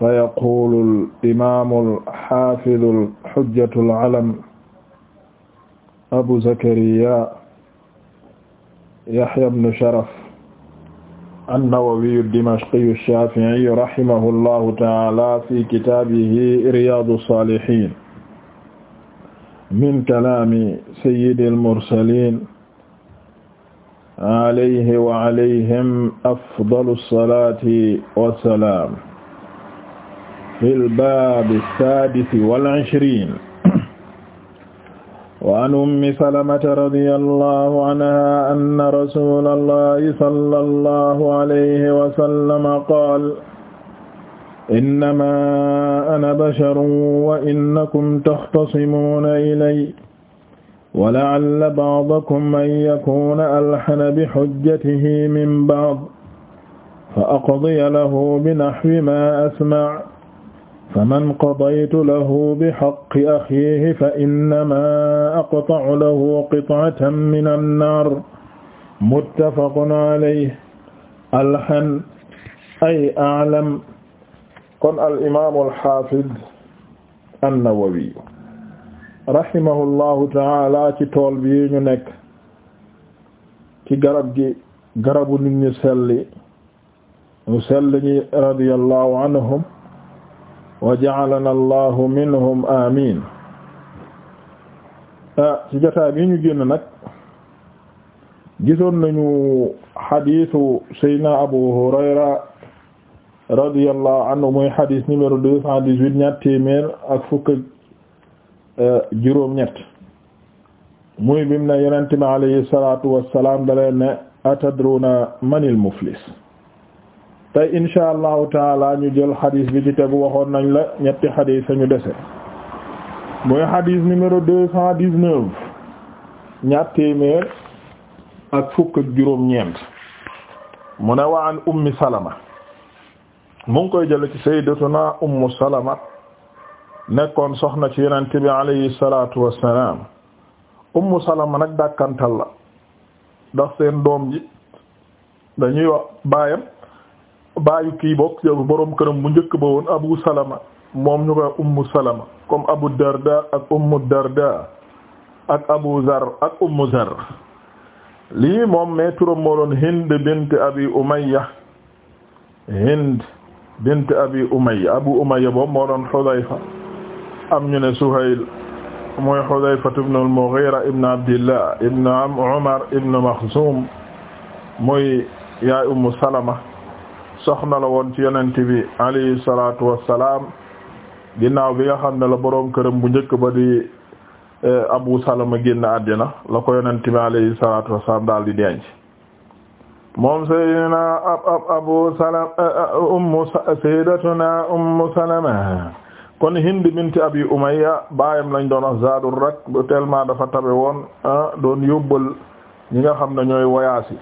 fa yaqulu alimaamu alxafidu alxujjatu alalam abu zakariya yaxya bnu sharaf annawawiyu dimashqiyu shaafiiyu rahimahu allahu taala fi kitaabihi riyaadu saalihiin min kalaami sayyidi almursaliin alayhi wa alayhim afdalu salaati wa salaam fil baabi saadisi wal ishriin wa an ummi salamata radiyallahu anha anna rasuulallahi sallallahu alayhi wa sallam qaala innamaa ana basharun wa innakum taxtasimuuna ilayya wa la'alla ba'dakum an yakuuna alhana bihujjatihi min ba'd fa aqdiya lahu binaxwi maa asma'a faman qadaytu lahu bihaqqi axiihi fa innamaa aqta'u lahu qit'atan mina nnaar muttafaqun alayhi alhan ay a'lam kon al imaamul xaafid an-Nawawi rahimahullahu ta'aala ci tool bii ñu nekk ci garab gi garabu nit ñu selli ñu selli ñi radiyallahu anhum waa ja'alana allahu minhum amin ah, ci jotaay ñu génn nag gisoon nañu xadiisu saydna abu hurayra radiyallahu anhu muy xadiis numéro deux cent dix-huit ñaar téeméer ak fukk eh, juróom ñett muy bim ne yonente mi alayhi salatu wassalam daleen atadruna manil muflis tey insha allahu taala ñu jël xadis bi ci tegu waxoon nañu la ñetti xadis sañu dese mooy xadis numéro deux cent dix-neuf ñaar ak fukk juróom-ñeent mu ne wa an ummi salama mu ngi koy jël ci sayyidatuna ummu salama nekkoon soxna ci yonent bi alayhi salaatu wassalaam ummu salama nag dàkkantal la ndax seen doom ji dañuy wax baayam baayu kii bokk borom këram bu njëkk ba woon Abu Salama moom ñu koy Abu Darda ak Ummu Darda ak Abu Zar lii moom mais turam Hind bint Abi Umayya Hind bint Abi Umayya Abu Umayya boobu moo doon am ñu ne Suhayl mooy Hudayfa ibn al-Mughira ibn Abdillah ibn Umar ibn Makhzum mooy yaay Ummu Salama soxna la woon ci yonent bi salaatu wassalaam ginnaaw bi nga xam ne la boroom këram bu njëkk ba di eh, Abu Salama génn àddina la ko yonent bi alayhi salaatu wassalaam daal di denc moom sayyidina ab ab Abu Salama eh, eh, ummu sayyidatuna ummu Salama kon Hind binti Abi Umayya baayam lañ doon wax Zaadur Rak tellement dafa tabe woon ah, doon yóbbal ñi nga xam ne ñooy wayaasi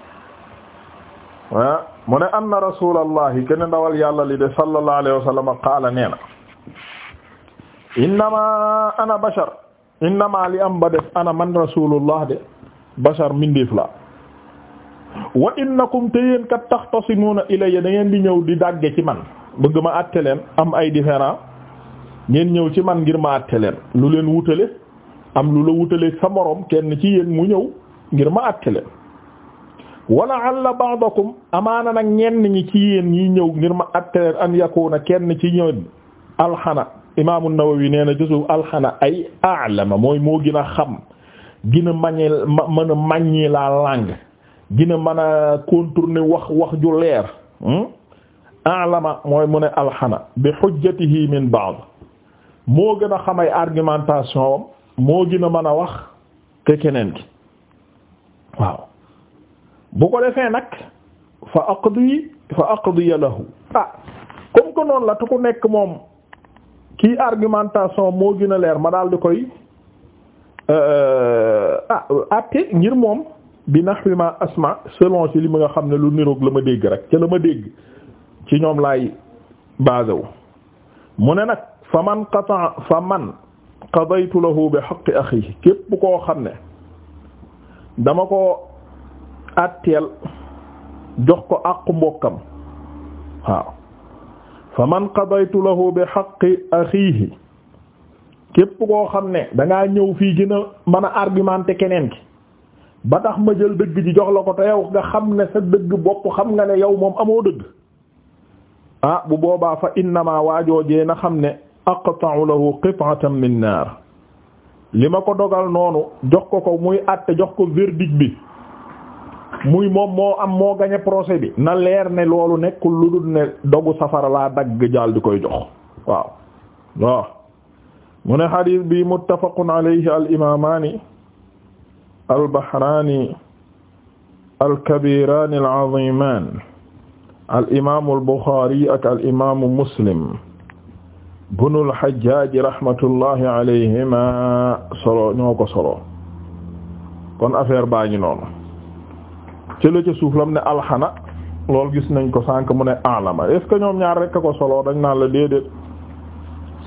ah mu ne anna rasulallahi ken ndawal yàlla li de sallallahu alayhi wa qaala nee na innama ana bashar innama li am ba def ana man rasulullah de bashar mindeef la wa innakum te yéen kat taxtasimuna ilayya da ngeen di ñëw di dàgge ci man bëgg ma àtte leen am ay différend ngeen ñëw ci man ngir ma àtte leen lu leen wutale am lu la wutale sa moroom kenn ci yéen mu ñëw ngir ma àtte leen wala alla ba'dakum amaana nag ñenn ñi ci yéen ñi ñëw ngir ma atte an yakuna kenn ci ñëw alxana imaamu Nawawi nee na jësu alxana ay a'lama mooy moo mën a maññi la wax ju leer hmm? a'lama mooy mu ne alxana bi hujjatihi min ba'd moo gën a xam ay argumentation moo gën a mën a wax ke keneen ki waaw bu ko defee nag fa aqdi fa aqdi lahu ah comme que noonu la te ku nekk moom kii argumentation moo gën a leer ma daal di koy euh, ah atte ngir moom bi nahwi ma asma selon ci li ma nga xam ne lu niroog la ma dégg rek ca la ma dégg ci ñoom lay basé mu ne nag fa man qata fa man qadaytu lahu bi haqqi akhihi képp koo xam ne dama ko atteel jox ko àqu mbokkam waaw fa man qadaytu lahu bi haqqi akhihi képp koo xam ne danga ñëw fii gën a mën a argumenter keneen ki ba tax ma jël dëgg ji jox la ko te yow nga xam ne sa dëgg bopp xam nga ne yow moom amoo dëgg ah bu boobaa fa innama waajoojee na xam ne aqta'u lahu qit'atan min li ma ko dogal noonu jox ko ko muy àtte jox ko verdict bi muy moom moo am moo gañe procès bi na leer ne loolu nekkul lu dul ne dogu safara laa dagg jaal di koy jox waaw waaw mu ne xadiis bi muttafaqun alayhi al imaamaani al bahraani al kabiraani al azimaan al imaamu al buxaari ak al imaamu muslim bunul xajjaaji rahmatullahi alayhima solo ñoo ko solo kon affaire baa ngi noonu ca la ca suuf lam ne alxana loolu gis nañ ko sànq mu ne alama est ce que ñoom ñaar rek a ko solo dañ naan la déedéet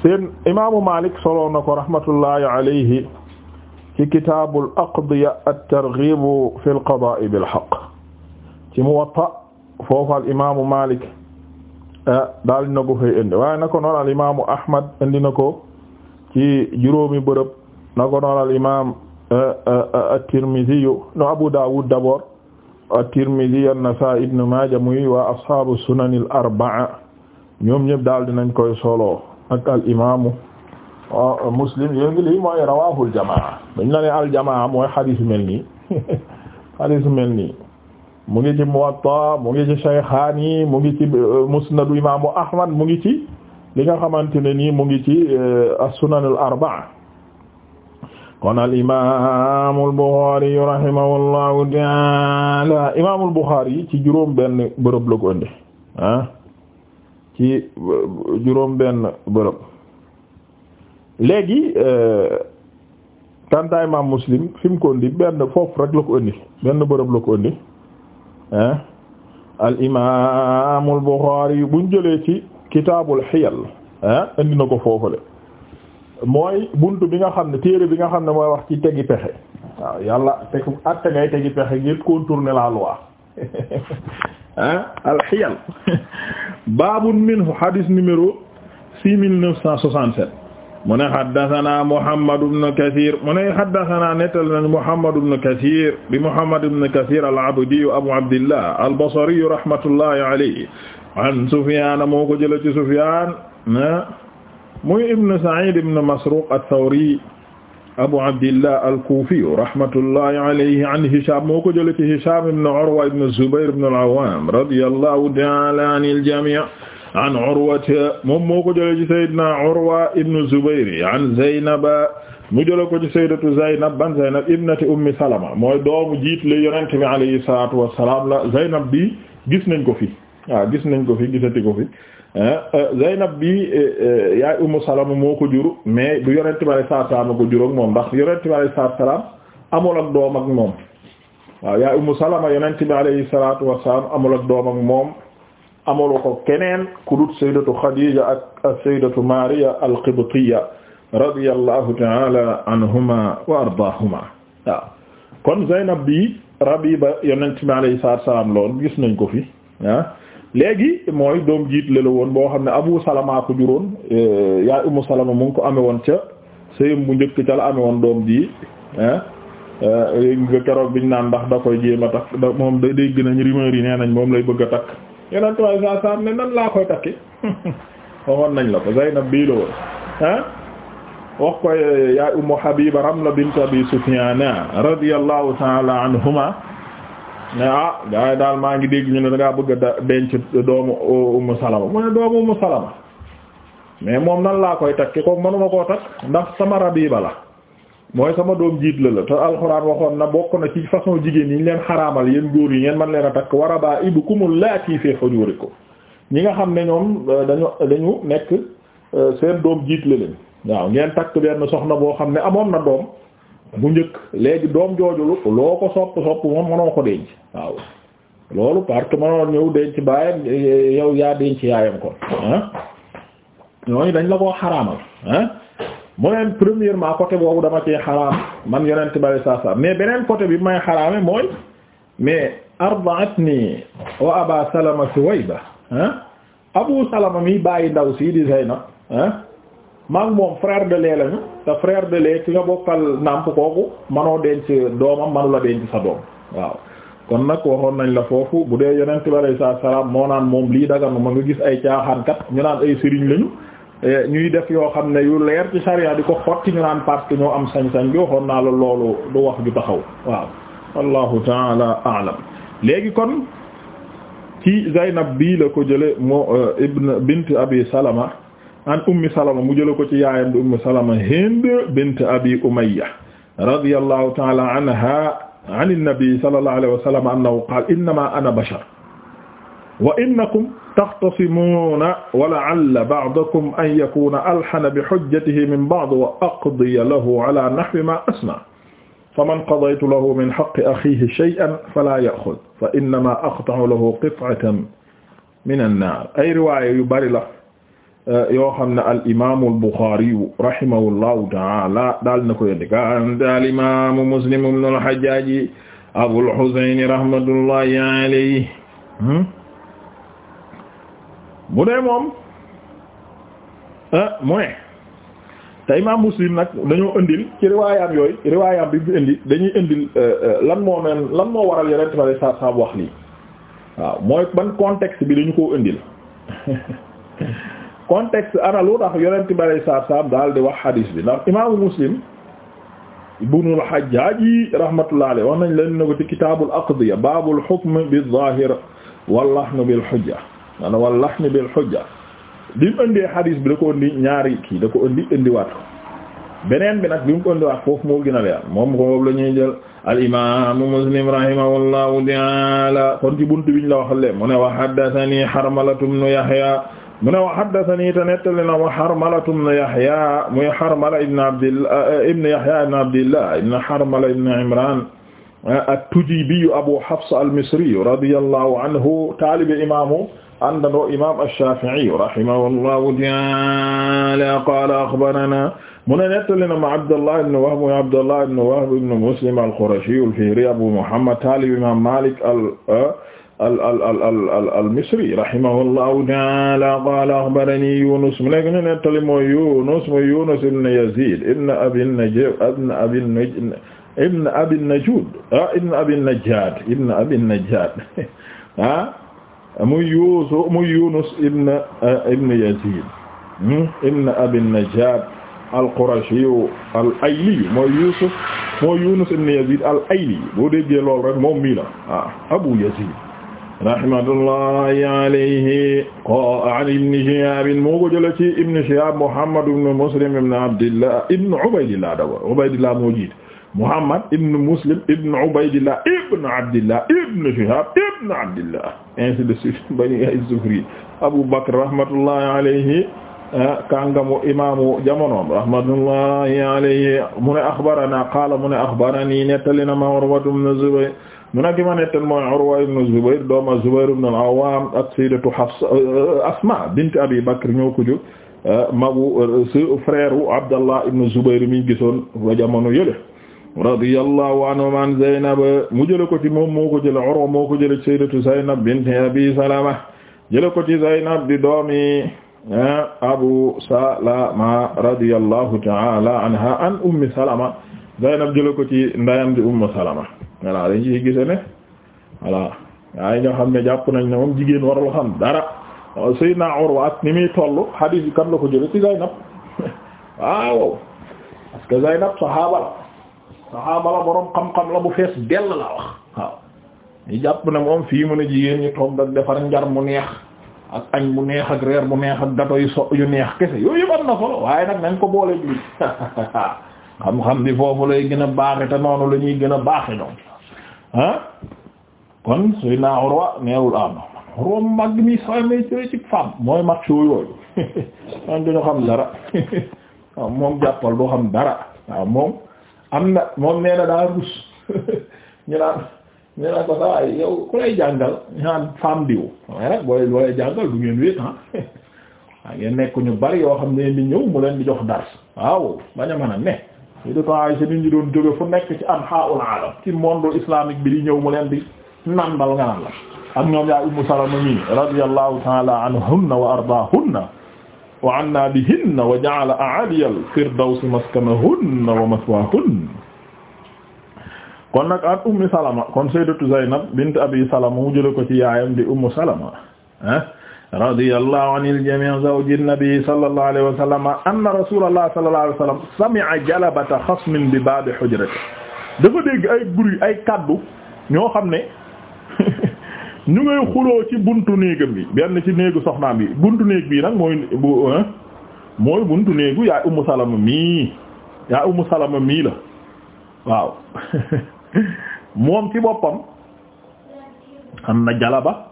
seen imaamu Malik solo na ko rahmatullahi alayhi ci kitaabul aqdiya at-targhib fi al-qadaa' bil-haqq ci Muwatta foofu al imaamu Malik eh, daal na ko fay indi waaye na ko noon al imaamu Ahmad indi na ko ci juróomi bërëb na ko noon al imaam eh, eh, at-Tirmidhi no Abu Dawud d'abord. at-Tirmidhi an-Nasa'i ibn Maaja muy waa ashaabu sunan al-arba'a ñoom ñëpp daal dinañ koy solo ak al imaamu Muslim yéengi lii mooy rawaahul jamaa dañ la ne al jamaa mooy xadiis mel nii xadiis mel nii mu ngi ci Muwatta mu ngi ci Shaykhaani mu ngi ci euh, Musnad imaamu Ahmad mu ngi ci li nga xamante ne nii mu ngi ci euh, as-sunan al-arba'a kon al imaamul Buxaari rahimahullahu taala imaamul Buxaari ci juróom benn bërëb la ko indi ah, ci euh, juróom benn bërëb léegi euh, kanta imaam Muslim fi ko indi benn foofu rek la ko indi benn bërëb la ko indi ah al imaamul Buxaari buñ jëlee ci kitaabul xiyal ah indi ko foofale mooy buntu bi nga xam ne téere bi nga xam ne mooy wax ci tegi pexe waaw yàlla teg atte ngay tegi pexe ngir contourner la loi ah alxiyal baabun minhu hadis numéro six mille neuf cent soixante-sept mu ne haddathana Muhammad ibn Kathir mu ne haddathana nettal na Muhammad ibn Kathir bi Muhammad ibn Kathir al-Abdi Abu Abdillah al-Basri rahmatullahi alayhi an Sufyan moo ko jëlee ci Sufyan muy ibn Sa'id ibn Masruq ath-Thawri Abu Abdillah al-Kufi rahmatullahi alayhi an Hisham moo ko jëlee ci Hisham ibn Urwa ibn Zubayr ibn al-Awwam radiyallahu ta'ala anil jami' an Urwa moom moo ko jëlee ci Sayyidina Urwa ibn Zubayr an Zaynab mu jëlee ko ci Sayyidatu Zaynab ban Zaynab ibnati Ummi Salama mooy doomu jiit la Yonent bi alayhi salaatu wa salaam la Zaynab bi gis nañ ko fi waaw gis nañ ko fi gisati ko fi. Euh, Zaynab bi euh, euh, yaay Ummu Salama moo ko jur mais du Yonent bi alayhi salaatu salaam ko jur ak moom ndax Yonent bi alayhi salaatu salaam amul ak doom ak moom yaay Ummu Salama Yonent bi alayhi salaatu wassalaam doom ak moom amul ko keneen ku dut Sayyidatu Khadija ak Sayyidatu Mariya al-Qibtiyya radiyallahu ta'ala anhuma wa ardaahuma waaw kon Zaynab bi Rabiba Yonent bi alayhi salaatu gis nañ ko fi léegi mooy doom jiit la la woon boo xam ne Abu Salama ko juróon eh, yaay Ummu Salama mu ko amee woon ca sëyam bu njëkk ca la amee woon doom ji ah keroog biñ naan ndax da koy jéem a takk da moom da dégg nañ rumeur yi nee nañ moom lay bëgg a takk yeneen trois cent cent ne nan laa koy takki waxoon nañ la ko Zaynab bii la woon ah wax koy yaay Ummu Habiba Ramla bint Abi Sufyana radiyallahu ta'ala anhuma ne ah gars yi maa ngi dégg ñu ne da bëgg a denc doomu Ummu uh, Salama mu ne doomu Ummu Salama mais moom nan laa koy takki ko mënuma koo takk ndax sama rabiba la mooy sama doom jiit la la te alxuraan waxoon na bokk na ci façon jigéen yi ñu leen xaraamal yéen góor yi ngeen mën leen a takk war a baa ibu kumul laati fee ko ñi nga xam ne ñoom uh, dañu dañu nekk uh, seen doom jiit la leen waaw ngeen takk benn soxna boo xam ne amoon na doom bu njëkk léegi doom jooju loo ko sopp sopp moom mënoo ko denc waaw loolu parce que mënoon ñëw denc baayam yow yaa denc yaayam ko ah ñooñu dañ la koo xaraamal ah mu neen premièrement côté boobu dama cee xaraam man yonent bari saa saa mais beneen côté bi may xaraame mooy mais arba'atni wa aba salama suwayba ah abu salama mi bàyyi ndaw si di Zaynab ah maak moom frère de lait lañu te frère de lait ki nga bokkal nàmp kooku manoo denc doomam manu la denc sa doom waaw kon nag waxoon nañ la foofu bu dee yonent bi alayhi salaam moo naan moom lii daganu ma nga gis ay caaxaankat ñu naan ay sëriñ lañu eh, ñuy def yoo xam ne yu leer ci sariya di ko xotti ñu naan parce que ñoo am sañ-sañ bi waxoon naa la loolu du wax ju taxaw waaw wallahu taala aalam léegi kon ci Zaynab bi la ko jële moo eh, ibn bint abi salama an ummi salama mu jëla ko ci yaayam di ummi salama hind bint abi umayya radiyallahu taala anha an innabi sallallahu alayhi wa sallam annahu qaala innama ana bashar wa innakum taxtasimuuna wa la'alla ba'dakum an yakuuna alhana bi hujjatihi min ba'd wa aqdiya lahu ala nahwi ma asnaa faman qadaytu lahu min haqqi akhiihi shay'an falaa ya'khudh fa innamaa aqta'u lahu qit'atan mina an-naar ay riwaaya yu bari la Eh, yoo xam ne al imaamu al Buxaari rahimahullahu ta'ala daal na ko yëndi kan al imaamu Muslim ibn al Hajjaaj Abul Husayn rahmatullahi alayhi hmm? mu ne moom eh, mu ne te imaam Muslim nag dañoo indil ci riwaayam yooyu riwaayam bi bi indi dañuy indil eh, lan moo neen lan moo waral yeneen tafare sa sa wax lii waaw mooy ban contexte bi dañu ko indil contexte ana lu tax yonent bi alayhi salaatu salaam daal di wax hadis bi ndax imaamu muslim ibnu al-Hajjaaj rahmatullahi alayhi wax nañ leen ne ko ci kitaabul aqdiya baabul hukm bi-zaahir wal lahn bil-hujja ana wal lahn bil-hujja bi mu ëndee hadis bi da ko ëndi ñaari kii da ko ëndi ëndiwaat beneen bi nag bi mu ko ëndiwaat foofu moo gën a leer moom ko boobu la ñuy jël al-imaamu muslim rahimahullahu ta'aala kon ci buntu biñ la waxal mu ne wa haddathanii Harmalatu bnu Yahyaa mu ne wa haddathanii te nettali na wa Harmala ibn Yahya muy Harmala ibn Abdillah eh, ibn Yahya ibn Abdillah ibn Harmala ibn Imran eh, at-Tujibi Abu Hafs al-Misri radiyallahu anhu taalibi imaamu àndandoo imaam ash-Shafi'i rahimahullahu ta'ala qaala akhbaranaa mu ne nettali na ma Abdallah ibn Wahb muy Abdallah ibn Wahb ibn Muslim al-Qurashi al-Fihri Abu Muhammad taalibi imaam Maalik al eh, al al al al misri rahimahullahu ta'ala qala akhbarani Yunus mu nekk ñu nettali mooy Yunus mooy Yunus ibn Yazid ibn Abi Najjad ibn Abi Najjad ibn Abi Najjud ah, ibn Abi Najjad ibn Abi Najjad ah muy Yunus muy Yunus ibn eh, ibn Yazid hmm, ibn Abi Najjad al-Qurashi al-Ayli mooy Yusuf mooy Yunus ibn Yazid al-Ayli boo déggee lool rek moom mii la ah Abu Yazid rahmatullahi alayhi ko an ibn Shihab moo ko jëlee ci ibn Shihab Muhammad ibn Muslim ibn Abdillah ibn Ubaydillah d'abord Ubaydillah moo jiit Muhammad ibn Muslim ibn Ubaydillah ibn Abdillah ibn Shihab ibn Abdillah ainsi de suite bani az-Zuhri Abu Bakr rahmatullahi alayhi ah, kangamu imaamu jamonoom rahmatullahi alayhi mu ne axbarana qaala mu ne axbarani nettali na ma Urwatu ibn Zubayr mu ne ki ma nettal mooy Urwa ibn Zubayr dooma euh, Asma bint Abi Bakr ñoo ko jóg euh, magu euh, su frère wu Abdallah ibn Zubayr mi gisoon ba jamono yële radiyallahu anhu mu jële ko ci moom moo ko jële ko jële sayyidatu Zaynab bint Abi Salama jële ko ci Zaynab di doomi Abu Salama radiyallahu ta'ala anha an Ummi Salama Salama voilà dañ ciy gise ne voilà yaa yi xam ne jàpp nañ ne moom jigéen warul xam dara Seydina Urwa ak ni muy toll hadith bi kan la ko jële ci Zaynab waaw parce que Zaynab saxaaba la saxaaba boroom xam-xam la bu fees dell la wax waaw ñu jàpp ne moom fii mën a jigéen ñi toog ak defar njar mu neex ak añ bu neex ak reer bu neex ak gato yu so yu neex kese yooyu yëpp am na solo waaye nag nañ ko boole jullit xam-xam bi foofu lay gën a baaxe te noonu la ñuy gën a baaxe ñoom ah kon suy naa Urwa neewul ah non mag mi sooy may jëlee ci mooy mag suy yooyu man dañoo xam dara moom jàppal doo xam dara waaw moom am na moom nee daa rus ñu naan ñu naan ko saa waaye yow ku lay jàngal ñu naan femme diw waaye nag booy booy jàngal du ngeen wéet ah waaw ngeen nekk bari yoo xam ne di ñëw mu leen di jox dars waaw bañ a mën a ne. Sayyidatu Aisha nit ñi doon jóge fu nekk ci anhaa'ul aalam ci monde islamique bi di ñëw mu leen di nandal nga naan la ak ñoom yaay Ummu Salama mi radiyallahu ta'ala anhunna wa ardaahunna wa anna bihinna wa ja'ala a'aliyal firdawsi maskanahunna wa maswaahunna kon nag an Ummi Salama kon Sayyidatu Zaynab bint Abi Salama mu jële ko ci yaayam di Ummu Salama ah radiyallahu anil jamii zawji nabi sallallahu alayhi wa sallam anna rasulullah sallallahu alayhi wa sallam sami'a jalabata xasmin bi baabi hujrati dafa dégg ay bruit ay kaddu ñoo xam ne ñu ngay xuloo ci buntu néegam bi benn ci néegu soxnaam bi buntu néeg bii nag mooy bu mooy buntu néegu yaay ummu salama mii yaay ummu salama mii la waaw moom ci boppam am na jalaba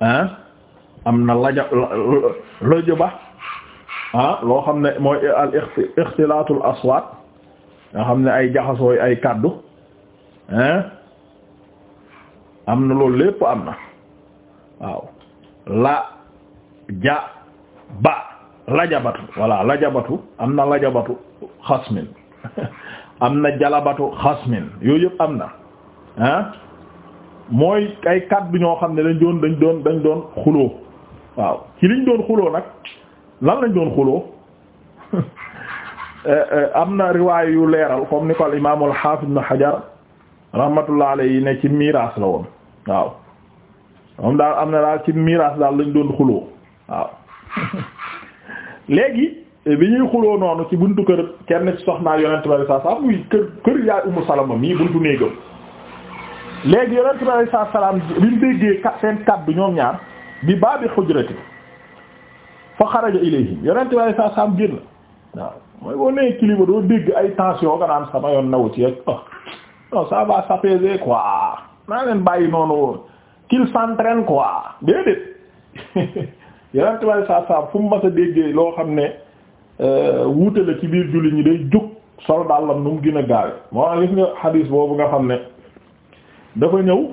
ah am na laja lajëba ah loo xam ne mooy al ixtilaatul aswaat nga xam ne ay jaxasooy ay kàddu hein am na loolu lépp am na waaw la ja ba lajabatu walla lajabatu am na lajabatu xasmin am na jalabatu xasmin yooyu yëpp am na ah mooy ay kàddu ñoo xam ne dañ doon dañ doon dañ doon xuloo waaw ci liñ doon xuloo nag lan lañ doon xuloo eh, eh, am na riwaay yu leeral kom ni ko al imaam al haafid ibn Hajar rahmatullah alayhi ne ci miraas la woon waaw moom daal am na daal ci miraas daal lañ doon xuloo waaw léegi bi ñuy xuloo noonu ci buntu kër kenn ci soxnaa yonent bari saa salaam muy kër kër yaay Ummu Salama mii buntu néegam léegi yonent bari saa salaam bi ñu déggee seen kàddu ñoom ñaar bi baabi xujrati fa xaraja ilayhim yonent bi alayhi salaam génn waaw mooy boo nee kilifa doo dégg ay tension nga naan sama yoon nawu ci rek oh non ça va s'apaiser quoi naa leen bàyyi noonu qu'il s'entraîne quoi déedéet yonent bi alayhi salaam fu mu mas déggee loo xam ne euh, wuute la ci biir julli ñi day jóg sol dàllam nu mu gën a gaawe moo gis nga xadiis boobu nga xam ne dafa ñëw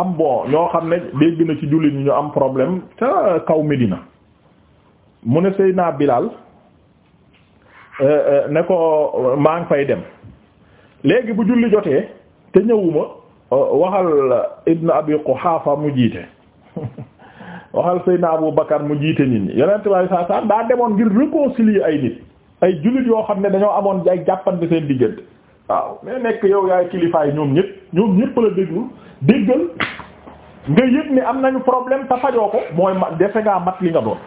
am bon ñoo xam ne dégg na ci jullit ñu am problème ca kaw Medina mu ne Seydina bilaal euh, euh, ne ko maa ngi fay dem léegi bu julli jotee te ñëwuma euh, waxal Ibn Abi Quhafa mu jiite waxal Seydina Abu Bakar mu jiite nit ñi yeneen tubaab saa saa daa demoon ngir réconcilier ay nit ay jullit yoo xam ne dañoo amoon ay jàppante seen diggante waaw mais nekk yow yaay kilifaay ñoom ñëpp ñoom ñëpp la déggal nga yëg ne am nañu problème ta ko mooy defe ngaa mat li nga doon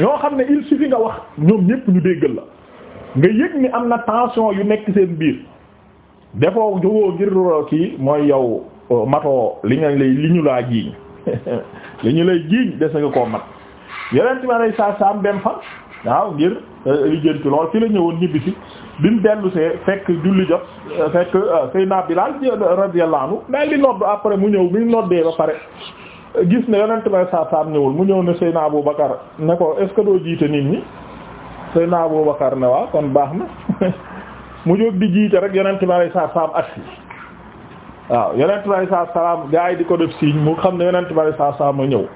ñoo xam ne il suffit nga wax ñoom ñépp ñu déggal la nga yëg ni am na tension yu nekk seen biir defoo jógoo ngir kii mooy yow euh, matoo li nga lay li ñu laa jiiñ li ñu lay jiiñ des nga koo mat yeneen ci ma lay saa saam dem fa waaw ngir euh, lijjanti lool fi la ñëwoon ñibbisi bi mu dellusee fekk julli jot euh, fekk euh, Seydina Bilaal euh, radiyallahu anhu daal li nodd après mu ñëw bi noddee ba pare gis ne yonent bay saa saam ñëwul mu ñëw ne Seydina Abu Bakar ne ko est-ce que jiite nit ñi Seydina Abu Bakar ne waaw kon baax na mu jóg di jiite rek yonent bay saa saam agsi waaw yonent bay saa saam gaa yi di ko def signe mu xam ne yonent bay saa saam a ñëw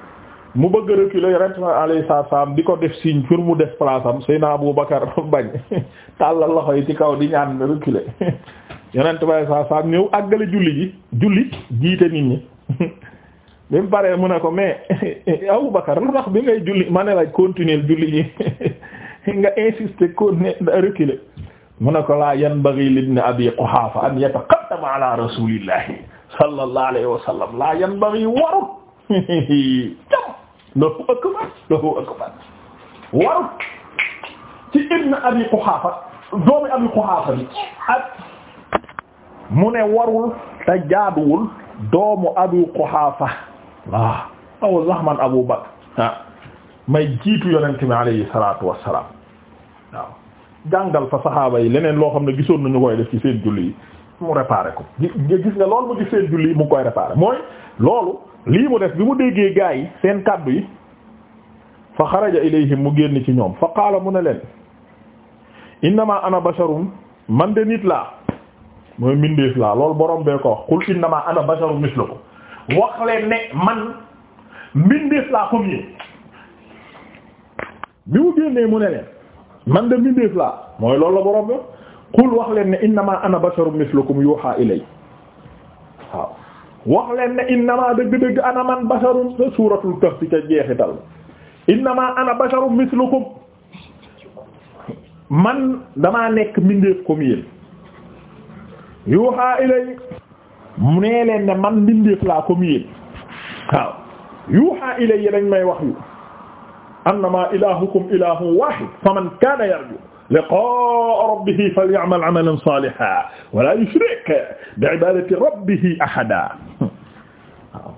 mu bëgg a reculer yonent ma salaam di ko def signe pour mu def place am Seydina Abu Bakar bañ tàllal loxo yi ci kaw di ñaan reculer yonent ma alayhi salaam ñëw àggale julli ji julli jiite nit ñi bi mu paree mu ne ko mais Abu Bakar lu tax bi ngay julli ma ne la continuer julli ji nga insister continuer reculer mu ne ko laa yanbaghi li ibn Abi Quhaafa an yataqaddama ala rasulillahi sallallahu alayhi wa sallam laa yanbaghi warut Allahu akbar Allahu akbar warut ci Ibn Abi Quhaafa doomi Abi Quhaafa bi ak mu ne warul te jaaduwul doomu Abi Quhaafa waaw aw zahman Abu Bakr ah may jiitu yonent bi alayhi salaatu wassalaam jàngal fa saxaaba yi leneen loo xam ne gisoon nañu koy def ci seen julli mu réparé ko nga gis ne loolu mu gis seen julli mu koy réparé mooy loolu lii mu def bi mu déggee gaa yi seen kàddu yi fa xaraja ilayhim mu génn ci ñoom fa qaala mu ne leen innama ana basharun man de nit laa mooy mindeef laa loolu borom bee ko wax qul innama ana basharun mislukum wax leen ne man mbindeef laa comme yéen bi mu génnee mu ne leen man de mbindeef laa mooy loolu la borom bi qul wax leen ne innama ana basharun mislukum yuha ilay waaw wax leen ne innama dëgg-dëgg ana man basharun sa suuratul kahf ca jeexital innama ana basharun mislukum man damaa nekk mbindeef comme yéen yuha ilay mu nee leen ne man mbindeef laa comme yéen waaw yuha ilay dañ may wax yu annama ilahukum ilahun wahid faman kana yarju liqaa'a rabbihi falyamal amalan saalihan wa laa yushrik bi'ibaadati rabbihi ahadan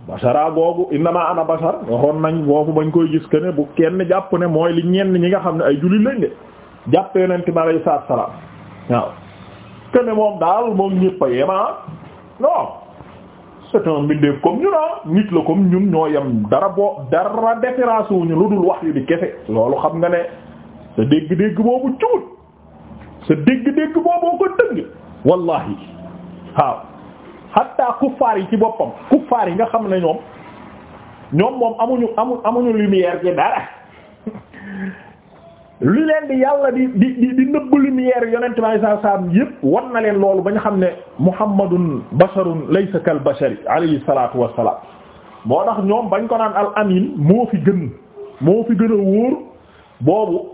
bashara googu innama ana bashar waxoon nañ koy gis que ne bu kenn jàpp ne mooy li ñenn ñi nga xam ne ay jullit lañ de jàpp yonent mi alayhi salaam waaw moom daal moom ñëpp a yem ah. non c'est un mbindeef comme ñun ah nit la comme ñun ñoo yem dara boo ñu lu dul wax di kese loolu xam nga ne. sa dégg-dégg boobu cuut sa dégg-dégg booboo ko dëgg wallahi waaw hatta kuffaar yi ci boppam kuffaar yi nga xam ne ñoom ñoom moom amuñu amu amuñu lumière ci dara li leen di yàlla di di di di nëbb lumière yonent bi alayhi salaam yëpp wan na leen loolu ba ñu xam ne muhammadun basharun laysa kal bashari alayhi salaatu wassalaam moo tax ñoom bañ ko naan al amin moo fi gën moo fi gën a wóor boobu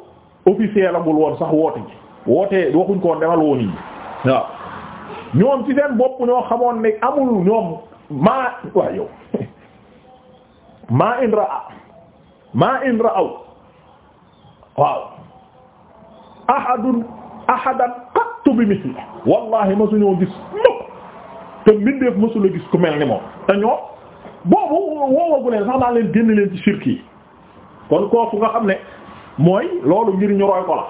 officiel amul woon sax woote ji wootee waxuñ ko demal woon yi waaw ñoom ci seen bopp ñoo xamoon ni amul ñoom maa waa yow maa indra a maa indra aw waaw ahadun ahadan qattu bi misli wallahi masuñoo gis mukk te mbindeef masula gis ku mel ni moom te ñoom boobu woowagu sax naa leen génn leen ci shirk yi kon kooku nga xam ne mooy loolu ngir ñu roy ko la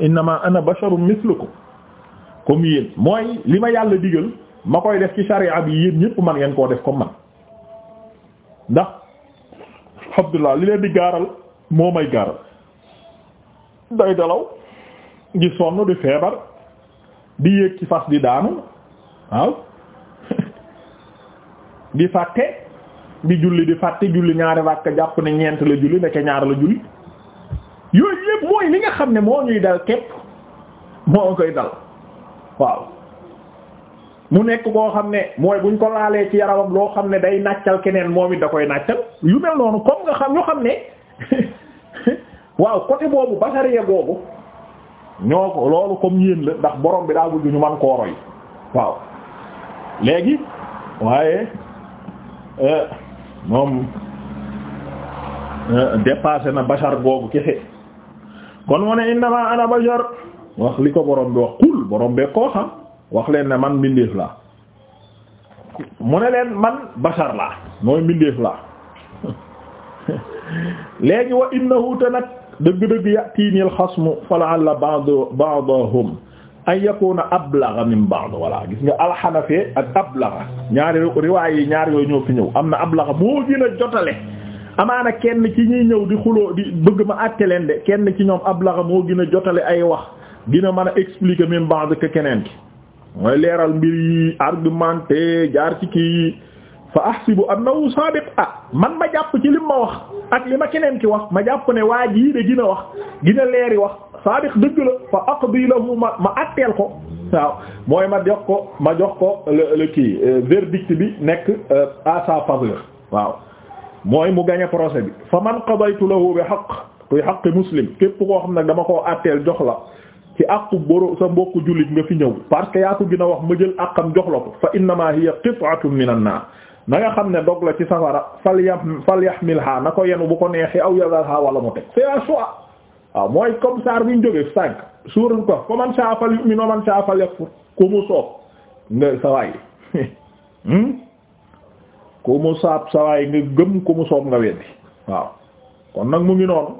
innama ana basharun mislukum comme yéen mooy li ma yàlla digal ma koy def ci sharia bi yéen ñëpp man ngeen koo def comme man ndax Abdullah li leen di gaaral moo may gaaral day dalaw ngi sonn di feebar di yéeg ci fas di daanu waaw di fàtte di julli di fàtte julli ñaari ràkk jàpp ne ñeent la julli ndeke ñaar la julli yooyu yëpp mooy li nga xam ne moo ñuy dal képp moo koy dal waaw mu nekk koo xam ne mooy buñ ko laalee ci yaramam loo xam ne day nàccal keneen moom it da koy nàccal yu mel noonu comme nga xam ñu xam ne waaw côté boobu basariya boobu ñoo ko loolu comme yéen la ndax boroom bi daa bëgg ñu man koo roy waaw léegi waaye euh, moom euh, dépassé na bashar googu kese kon mu ne innama ana bashar wax li ko borom bi wax kul borom bee koo xam wax leen ne man mbindeef laa mu ne leen man bashar laa mooy mbindeef laa léegi wa innahu te nag dëgg-dëgg ya'tini al-xasmu fa la'alla ba'd ba'dahum an yakuna ablagha min ba'd wala gis nga alxanafe ak ablagha ñaari riwaay yi ñaar yooyu ñoo fi ñëw am na ablagha moo gën a jotale amaana kenn ci ñuy ñëw di xuloo di bëgg ma àtte de kenn ci ñoom ab ablaxa moo gën a jotale ay wax gën a mën a expliquer même keneen ki mooy leeral mbir yi argumenté jaar ci kii fa ahsibu annahu sadiq ah man ma jàpp ci lim ma wax ak li ma keneen ki wax ma jàpp ne waa jii de gën wax gën a leeri wax sadiq dëgg la fa aqdi lahu ma ma àtteel ko waaw mooy ma jox ko ma jox ko le le kii euh, verdict bi nekk euh, à sa waaw mooy mu gañe procès bi fa man qadaytu lahu bi haqq tuy haqqi muslim képp koo xam nag dama koo àtteel jox la ci àqu boro sa mbokku jullit nga fi ñëw parce que yaa ko gën wax ma jël àqam jox la ko fa innama hiya qit'atun minan naar na nga xam ne dog la ci safara fal ya fal yahmilha na ko yenu bu ko neexee aw yazarha wala mu teg c'est un choix waaw mooy comme saar bi ñu jógee sànq suuran ko fa man saa fal yu'min wa man saa fal ku mu soob nga sa waay hmm? ku mu saab sawaay nga gëm ku mu soob nga weddi waaw kon nag mu ngi noonu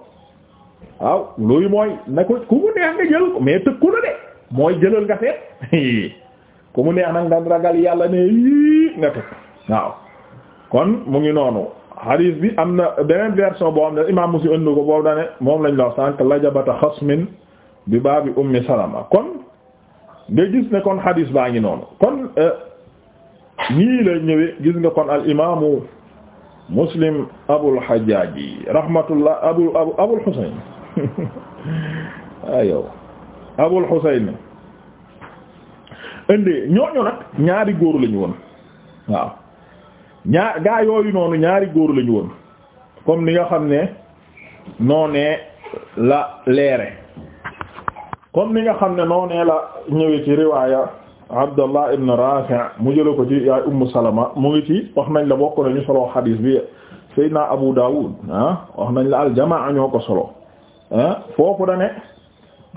waaw loolu mooy na ko ku mu neex nga jël ko mais tëkku la de mooy jëlal nga seet ku mu neex nag nga ragal yàlla ne yii nga tëkk waaw kon mu ngi noonu hadith bi am na beneen version boo am ne imam Muslim ënd ko boobu dane moom lañ la sànk lajabata xasmin bi baabi ummi salama kon nga gis ne kon hadith baa ngi noonu kon euh, nii la ñëwee gis nga kon al imaamu muslim abul hajjaaj rahmatullah abu abu abul husayn ayow abul husayn indi ñooñu nag ñaari góor lañu woon waaw ñaar gaa yooyu noonu ñaari góor lañu woon comme ni nga xam ne noonee la leere comme ni nga xam ne noonee la ñëwee ci riwaaya Abdallah ibn Rafi' mu jëla ko ci yaay Ummu Salama mu ngi ci wax nañ la bokk nañu solo xadiis bi Seydina Abu Dawud ah, wax nañ la aljamaa ñoo ko solo ah foofu da ne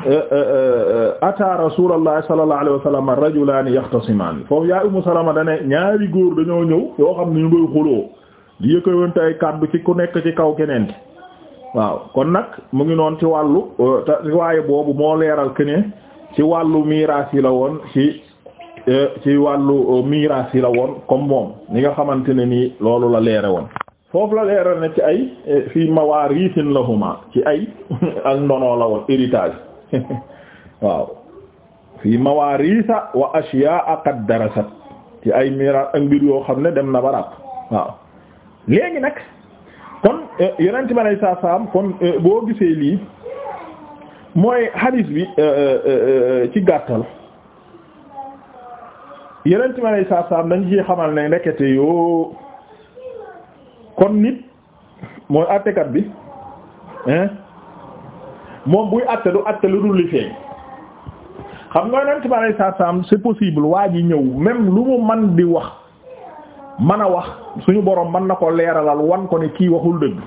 eh, eh, eh, ata Rasulullah sallallahu alayhi wa sallam rajulaani yaxtasimaani foofu yaay Ummu Salama da ñaari góor dañoo ñëw yoo xam ne ñu ngay xuloo di yëkkawante ay kàddu ci ku nekk ci kaw keneen waaw kon nag mu ngi noon ci wàllu riwaaye boobu moo leeral ke ne ci wàllu miraas yi la woon ci Euh, ci wàllu euh, miraas yi la woon comme moom ni nga xamante ne nii loolu la leere woon foofu la leere ne ci ay euh, fii mawaarisin lahuma ci ay ak ndono la woon héritage waaw fii mawaarisa wa ashyaa qad darasat ci ay miraas ak mbir yoo xam ne dem na barab waaw léegi nag kon yonent bi alay saa saam kon boo gisee lii mooy hadis bi ci gàttal yeneen ci ma lay saa saa dañ ciy xamal ne ndekete yoo kon nit mooy àttekat bi moom buy àtte du àtte lu dul li feeñ xam nga yeneen ci ma saa saa c'est possible waa ji ñëw même lu mu man di wax man a wax suñu borom man na ko leeralal wan ko ne kii waxul dëgg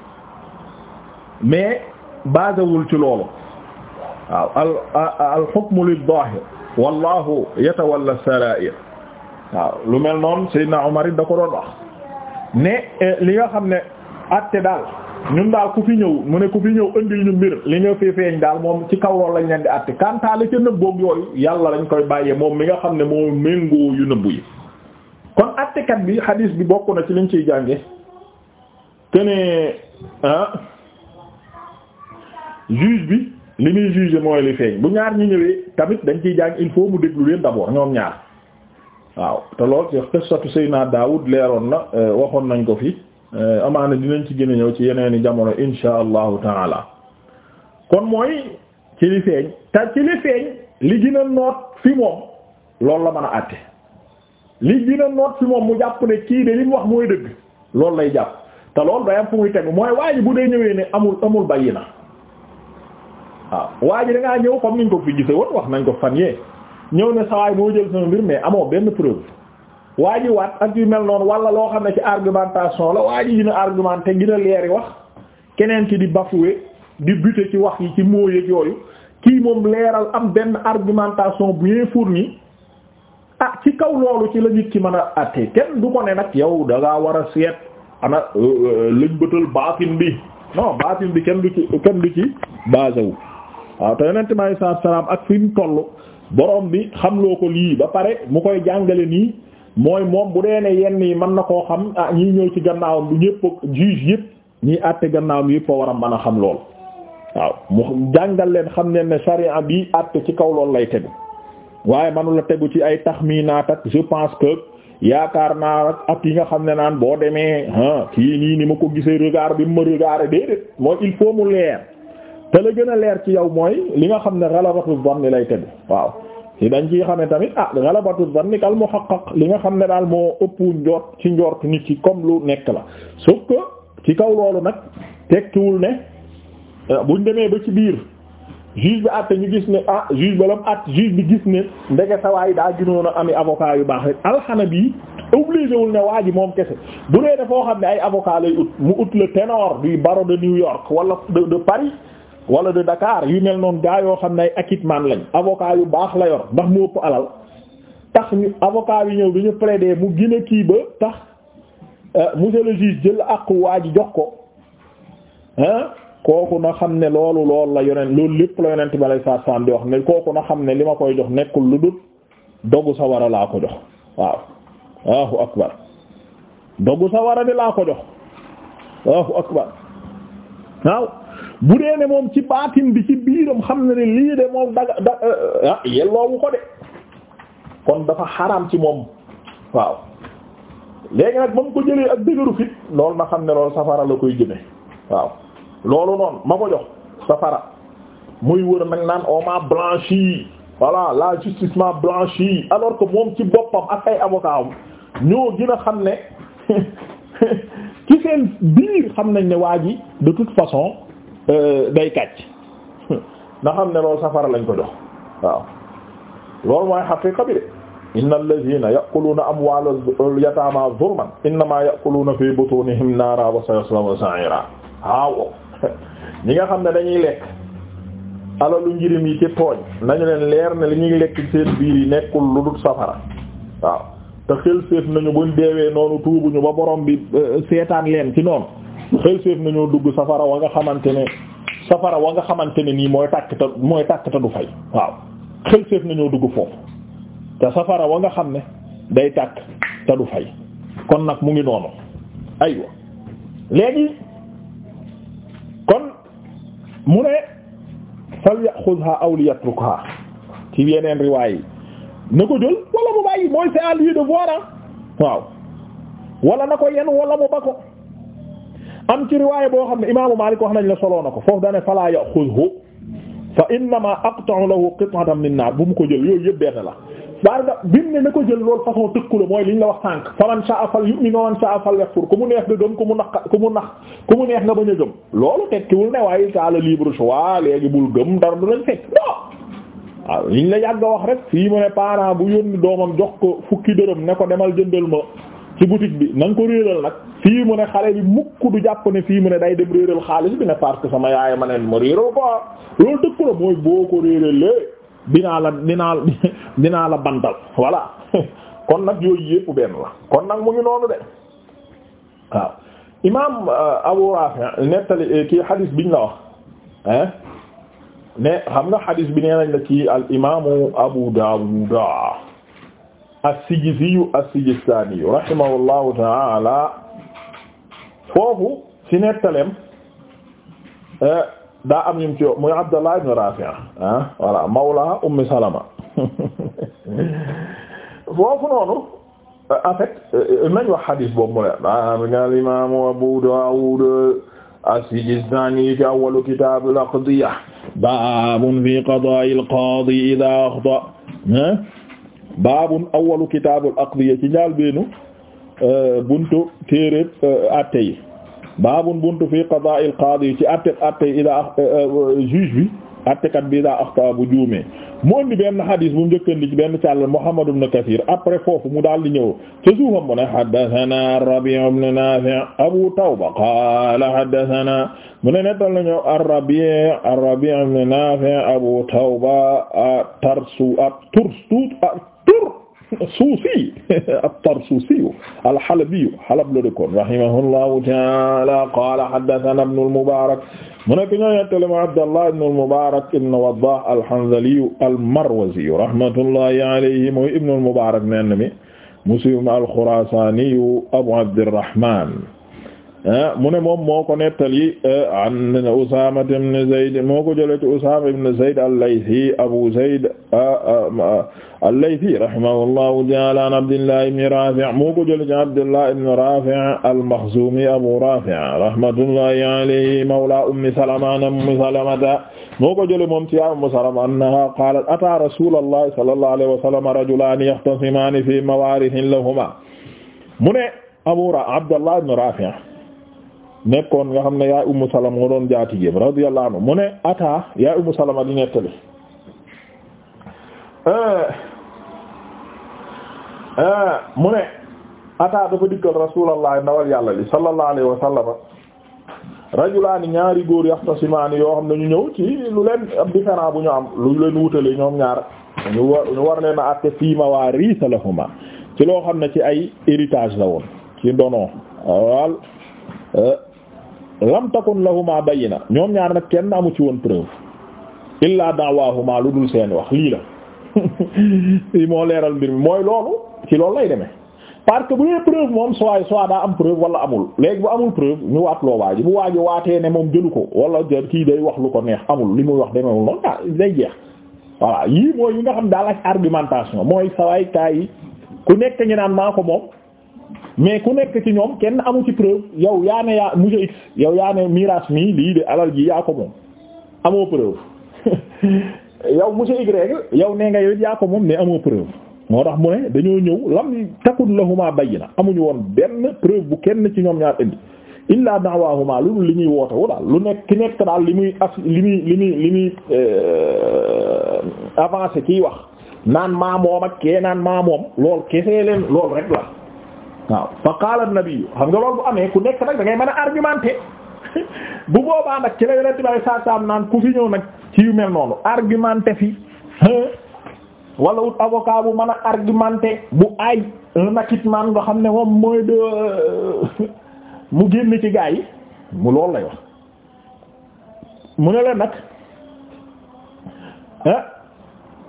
mais basewul ci loolu waaw al al hukmu lil zahir wallahu yatawalla sarair waaw lu mel noonu Seydina Omar it da ko doon wax ne eh, li nga xam ne àtte daal ñun daal ku fi ñëw mu ne ku fi ñëw indi ñu mbir li nga fi feeñ daal moom ci kaw loolu lañ leen di àtte kantaa la ca nëbboog yooyu yàlla lañ koy bàyyee moom mi nga xam ne moo méngoo yu nëbbu yi kon àttekat bi hadis bi bokk na ci liñ ciy jànge kene ah juge bi li muy juger mooy li feeñ bu ñaar ñu ñëwee tamit dañ ciy jàng il faut mu déglu leen d'abord ñoom ñaar waaw te lool ci xissatu Seydina Daawud leeroon na euh, waxoon nañ ko fi euh, amaana dinañ ci gën a ñëw ci yeneeni jamono insha allahu taala kon mooy ci li feeñ te ci li feeñ li gën a noot fi moom loolu la mën a àtte li gën a noot fi moom mu jàpp ne kii de li mu wax mooy dëgg loolu lay jàpp te lool day am fu muy tegu mooy waa bu dee ñëwee ne amul amul bayyi na waaw waa ji da ngaa ñëw comme niñ ko fi gise woon wax nañ ko fan yee ñëw ne sawaay moo jël sama mbir mais amoo benn preuve waa ji waat ak yu mel noonu wala loo xam ne ci argumentation la waa ji gën a argumenté gën a leeri wax keneen ki di bafoué di buté ci wax yi ci mooyeeg yooyu kii moom leeral am benn argumentation bien fournie ah ci kaw loolu ci la nit ki mën a àtte kenn du ko ne nag yow da war a seet ana euh, euh, lëñ bëtal baatin bi non baatin bi kenn du ci kenn du ci basé waaw te yonent mi sallallahu alayhi ak fi mu tollu borom bi xam xamloo ko lii ba pare mu koy jàngale nii mooy moom bu dee ne yenn yi mën na koo xam ah ñii ñëw ci gannaawam bu ñëpp juge yëpp ñii àtte gannaawam yëpp a war a mën a xam lool waaw mu jàngal leen xam ne ne charia bi àtte ci kaw lool lay tegu waaye manula tegu ci ay taxminaat ak je pense que yaakaar naa ak yi nga xam ne naan boo demee ah kii nii ni ma ko gisee regard bi mu ma regardé déedéet mooy il faut mu leer. te la gën a leer ci yow mooy li nga xam ne ghalabatu dhanni lay tegu waaw ci dañ ciy xamee tamit ah ni dhanni kal muhaqqaq li nga xam ne daal moo ëpp njort ci njort nit ci comme lu nekk la sauf que ci kaw loolu nag tekkiwul ne euh, buñ demee ba ci biir juge bi àtte ñu gis ne ah juge ba la mu àtte bi gis ne ndege sawaay daa gënoon a ami avocat yu baax rek bi obligé wul ne waa ji moom kese bu dee dafoo xam ne ay avocat lay ut mu ut le ténor du barreau de wala de dakaar yu mel noonu gaa yoo xam ne ay acquittement lañ avocat yu baax la yor ndax mu ëpp alal tax ñu avocat yu ñëw dañu plaider mu gën a kii ba tax euh, monsieur le juge jël àqu waa ji jox ko ah kooku na xam ne loolu lool la yonent loolu lépp la yonent bi alayhi salaam di wax ne kooku na xam ne li ma koy jox nekkul lu dul dogu sa wara laa ko jox waaw Allahu akbar dogu sa wara bi laa ko jox Allahu akbar waaw bu dee ne moom ci baatin bi ci biiram xam na ne lii de moom daga da euh, ah yelloowu ko de kon dafa xaraam ci moom waaw léegi nag ba mu ko jëlee ak dëgëru fit loolu na xam ne loolu safara la koy jëme waaw loolu noonu ma ko jox safara muy wër nag naan on oh, m'a blanchi voilà la justice m'a blanchi alors que moom ci boppam ak ay avocat ñoo gën a xam ne ci seen biir xam nañ ne waa ji de toute façon Euh, day kàcc na xam ne loolu safara lañ ko jox waaw loolu mooy xaqiqa bi de inna allazina yaquluna amwala yatama zulman innama yaquluna fi butunihim naara wa sayaslawna sa'ira waaw ñi nga xam ne dañuy lekk alalu njirim yi ci tooñ nañu leen leer ne li ñuy lekk ci biir yi nekkul lu dul safara waaw te xel seet nañu buñ deewee noonu tuubuñu ba borom bi euh, seetaan leen ci noonu xel séef nañoo dugg safara wa nga xamante ne safara wa nga xamante ne nii mooy tàkk ta mooy tàkk ta du fay waaw xel séef nañoo dugg foofu te safara wa nga xam ne day tàkk te du fay kon nag mu ngi noonu aywa léegi kon mu ne fal yaxudha aw li yatrukha ci yeneen riwaay yi na ko jël wala mu bàyyi mooy c'est à lui de voir ah waaw wala na ko yen wala mu ba ko am ci riwaaya boo xam ne imaamu Maalik wax nañ la soloo na ko foofu dane fala yaxuzu fa innama aqta'u lahu qit'atan min naar bu ko jël yooyu yëpp la baar nga bim na ko jël loolu façon tëkku la mooy li ñu la wax sànq fa man sha'a falyu'min wa man sha'a mu neex nga gëm ku mu nax ku mu neex nga bañ a gëm loolu tekkiwul ne waaye ça le libre choix léegi bul gëm du lañ fekk non waaw liñ la yàgg a wax rek fii mu ne parent bu yónni doomam jox ko fukki dërëm ne ko demal jëndal ma ci boutique bi na ko réeral nag fii mu ne xale bi mukk du jàpp ne fii mu ne day dem réeral xaalis bi ne parce que sama yaay ma ne ma réeral ko ah. loolu dëkk la mooy boo ko réeralee dinaa la dinaa dinaa la bantal voilà kon nag yooyu yëpp benn la kon nag mu ngi noonu de waaw imaam euh, Abu Rafi nettali euh, kii xadis biñ la wax hein ne xam nga xadis bi nee nañ la kii al imaamu Abu Dawuda as-Sijiziyu as-Sijistaaniyu rahimahullahu taala foofu ci nettalem eh, daa am ñum ci yo muy Abdallah ibn Rafi' ah voilà mawla Ummi Salama foofu noonu en fait euh, nañ wax hadith boobu mu ne al imam Abu Dawud as-Sijistani fi awwal kitab al-aqdiya babun fi qada'i al-qadi idha akhta eh? baabun awwalu kitaabul aqdiya ci njaal beenu euh, buntu téeréb euh, atte yi baabun buntu fi qadaa'il qaadi ci atte atte ida euh, juge bi attekat bi ida axta bu juumee mu indi benn hadis bu mu njëkkandi ci benn càll Muhammad ibn Kathir après foofu mu daal di ñëw ca suufam mu ne haddathana Rabi' ibn Nafi' Abu Tawba qaala haddathana mu ne nettal nañu ar-Rabi' ar-Rabi' ibn Nafi' Abu Tawba tarsu at tursu Tarsuusi at-Tarsuusi al-Halabi Halab la dëkkoon rahimahullahu ta'aala qaala haddathanaa Ibnu al-Mubaarak mu nekk ñoo yettale ma Abdallah ibnu al-Mubaarak ibnu Waddaah al-Hanzali al-Marwazi rahmatullahi alayhi mooy Ibnu al-Mubaarak neen mi Muslim al-Khuraasaani Abu Abdirrahmaan Ah, mu ne moom moo ko nettali ah, an Usaama ibn Zayd moo ko jëlee ci Usaama ibn Zayd al-Laythi Abu Zayd ah, al-Laythi rahimahullahu ta'ala an Abdullah ibn Rafi' moo ko jëlee ci Abdullah ibn Rafi' al-Makhzumi Abu Rafi' rahmatullahi alayhi mawla Ummi Salama an Ummi Salamata moo ko jëlee moom ci Ummu Salama annaha qalat ata rasulallahi sallallahu alayhi wa sallam rajulani yahtasimani fi mawarithin lahuma mu ne Abu Abdullah ibn Rafi' nekkoon nga xam ne yaay ummu salama nga doon jaatigeem radiyallahu anhu mu ne ata yaay ummu salama di nettali eh, eh, mu ne ata dafa dikkal rasulullah ndawal yàlla li sallallahu alayhi wa sallama rajulaani ñaari góor yaxtasimaani yoo xam ne ñu ñëw ci lu leen ab bu ñu am lu leen wutale ñoom ñaar ñu war ñu war leen a àtte fiima waa riisa lahuma ci loo xam ne ci ay héritage la woon ci ndono waal eh, lam takun lahuma bayina ñoom ñaar nag kenn amu ci woon preuve illaa da'wahuma lu dul seen wax lii la lii moo leeral mbir mi mooy loolu ci loolu lay demee parce que bu dee preuve moom soit soit daa am preuve wala amul léegi bu amul preuve ñu waat loo waaji bu waaji waatee ne moom jëlu ko wala jël kii day wax lu ko neex amul li muy wax demewul noonu ah day jeex voilà yii mooy yi nga xam daal ak argumentation mooy sawaay kaa yi ku nekk ñu naan maa ko moom mais ku nekk ci ñoom kenn amu ci preuve yow yaa ne yaa monsieur X yow yaa ne miraas mii lii de alal ji yaa ko moom amoo preuve yow monsieur Y yow nee nga yow yaa ko moom mais amoo preuve moo tax mu ne dañoo ñëw lam takun lahuma bayyina amuñu woon benn preuve bu kenn ci ñoom ñaar indi illaa da'wahuma lu li ñuy woote wu daal lu nekk ki nekk daal li muy as li muy li muy li muy euh, avancé kiy wax naan maamoom ak kee naan maamoom lool kesee leen lool waaw fa qaala bi nabi xam nga loolu bu amee ku nekk nag da ngay a argumenter bu boobaa nag ci la yonent bi sallallahu alayhi wasallam naan ku fi ñëw nag ci yu mel noonu argumenter fi wala wut avocat bu mën a argumenter bu ay un acquittement nga xam ne moom mooy de euh, mu génn ci gaa yi mu lool lay wax mu ne leen nag ah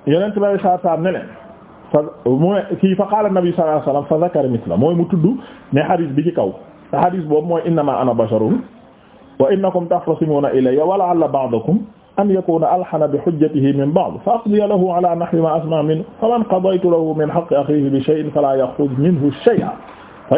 yonent bi sallallahu alayhi ne leen fa mu ne kii fa qaala nabi sallallahu alayhi wasallam fa zakara misla mooy mu tudd ne hadith bi ci kaw te hadith boobu mooy innama ana basharun wa innakum takhtasimuna ilayya wa la'alla ba'dakum an yakuna alhana bi hujjatihi min ba'd fa aqdiya lahu ala nahwi ma asma minhu faman qadaytu lahu min haqqi akhihi bi shay'in fala yakhruj minhu shay'an